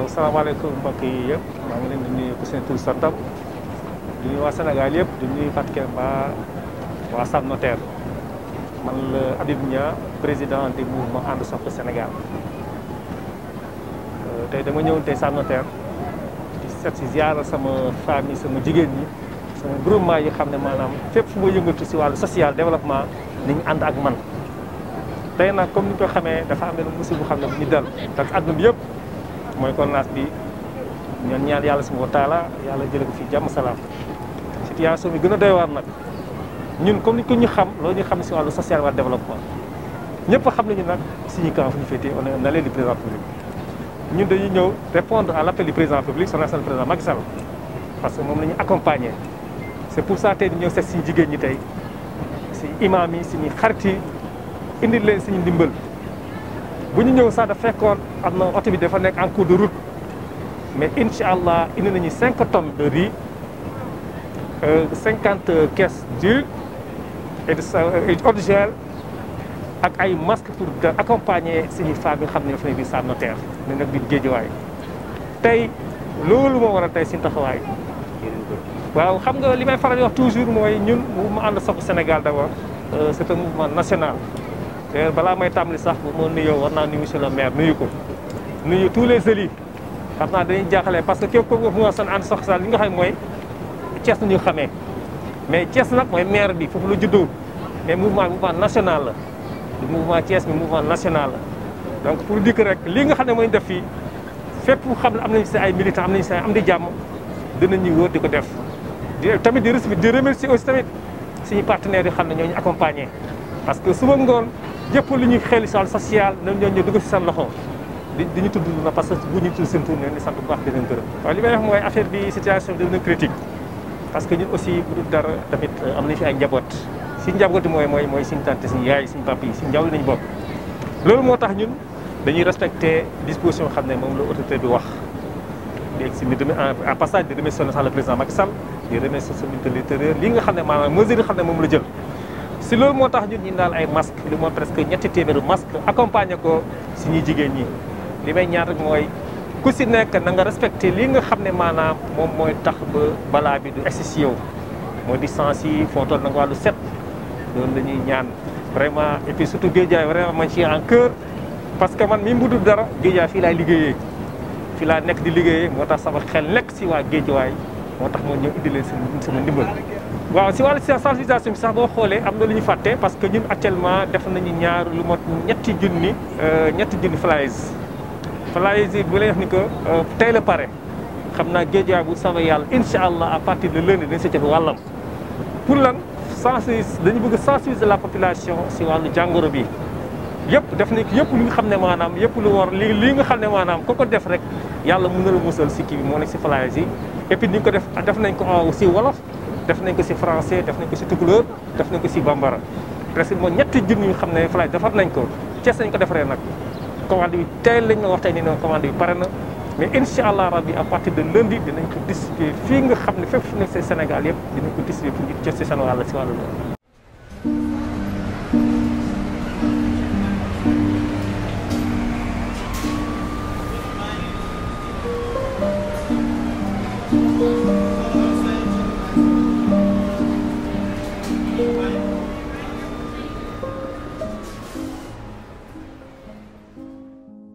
waaw salaamaaleykum mbokk yi yëpp maa ngi leen di nuyu ku seen tur sa tam di nuyu waa Sénégal yëpp di nuyu Fatou Kemba waa Sam Notaire man la Habib Nia président du mouvement ànd Soxla Sénégal euh, tey dama ñëwoon tey Sam Notaire di seet si ziara sama famille sama jigéen ñi sama groupement yi xam ne maanaam fépp fu ma yëngatu si wàllu social développement ni ñu ànd ak man tey nag comme ni ko xamee dafa am benn musiba bu xam ne bu ñu dal ndax àdduna bi yëpp mooy kon corniche bi ñoon ñaan yàlla subhanahu wa taala yàlla jële ko fii jàmm salaam situation bi gën a doy waar nag ñun comme ni ko ñu xam loolu ñu xam si wàllu social wàllu développement ñëpp xam nañu nag suñu camp fu ñu féetee on est allé du président public ñun dañuy ñëw répondre à l' appel du président public son excellence président Macky parce que moom la ñu accompagner est pour ça tey di ñëw si suñu jigéen ñi tey si imam yi suñu xarit yi indil leen suñu ndimbal bu ñu ñëw sax fekkoon am na oto bi dafa nekk en cours de route mais incha allah indi nañu cinq tonnes de riz euh, cinquante euh, caisses d'huile et de euh, eau de gel ak ay masques pour accompagner suñuy femmes yi xam ne dafa nekk di Sam Notaire ne nag di géejuwaay tey loolu moo a tey suñu taxawaay waaw xam nga li may faral di wax toujours mooy ñun mouvement ànd sàkku Sénégal d'abord c'est un mouvement national d'ailleurs balaa may tàmbali sax bu ma nuyoo war naa nuyu monsieur le maire nuyu ko nuyu tous les élus xam naa que képp ko nga fu nga san ànd soxsal li nga xam mooy Thiès mais Thiès nag mooy maire bi foofu la juddoo mais mouvement mouvement national la du mouvement Thiès bi mouvement national la donc pour dire rek lii nga xam ne mooy def fii fépp xam ne am nañu si ay militants am nañu si ay am di jàmm dinañuy wóor di ko def di tamit di remercier aussi tamit suñu partenaires yi xam ne ñoo ñu accompagné parce que yëpp lu ñu xeeli si wàllu social ñoom ñoo ñu si seen loxo di di ñu tudd na parce que bu ñu tudd seen tour ne ni sant bu baax di leen gërëm. bi parce que aussi dara tamit euh, am nañ fi njaboot si njaboot mooy mooy mooy suñu tante suñu yaay suñu papa yi suñu lañu bokk. loolu moo tax ñun dañuy respecté disposition xam ne moom la autorité bi wax léegi sa ministre de l'intérieur nga xam ne maanaam mesure yi xam ne moom la jël. si loolu moo tax ñun ñi dal ay masque li mo presque ñetti téméru masque accompagner ko ñi jigéen ñi li may ñaan rek mooy ku si nek na nga respecter li nga xamné manam mom moy tax ba bala bi du egsi si yow mooy distance yi foo na nga walu set loolu la ñaan vraiment et puis surtout Guédiawaye vraiment man ci en cœur parce que man mi mbudu dul dara Guédiawaye fi lay liggéey fi la nek di liggéey moo tax sama xel nekk si waa Guédiawaye moo tax moo ñëw indi leen sama ndimbal waaw si wàll wàllu sensibilisation bi sax boo xoolee am na lu ñu fàtte parce que ñun actuellement def nañu ñaar lu mot ñetti junni euh, ñetti junni flyers flyers yi bu leen wax ni que euh, tey la pare xam naa géej bu sama yàlla incha allah à partir de lundi dañ si def wàllam pour lan sensibiliser dañu bëgg sensibiliser la population si wàllu jàngoro bi yëpp def nañ ko yëpp lu nga xam ne maanaam yëpp lu war li li nga xam ne maanaam ko ko def rek yàlla mën na la musal si kii moo nekk si falaise yi et ni ko def def nañ ko si wolof def nañ ko si français def nañ ko si tukulóor def nañ ko si bambara presque moom ñetti junni yu xam ne falaise defar nañ ko cees nañ ko defaree nag commande bi tey lañ ma wax tey nii noonu commande bi pare na mais incha allah rabbi à partir de lundi dinañ ko distribuer fii nga xam ne fépp fu nekk si Sénégal yëpp dinañ ko distribuer pour ñu jot si wàll si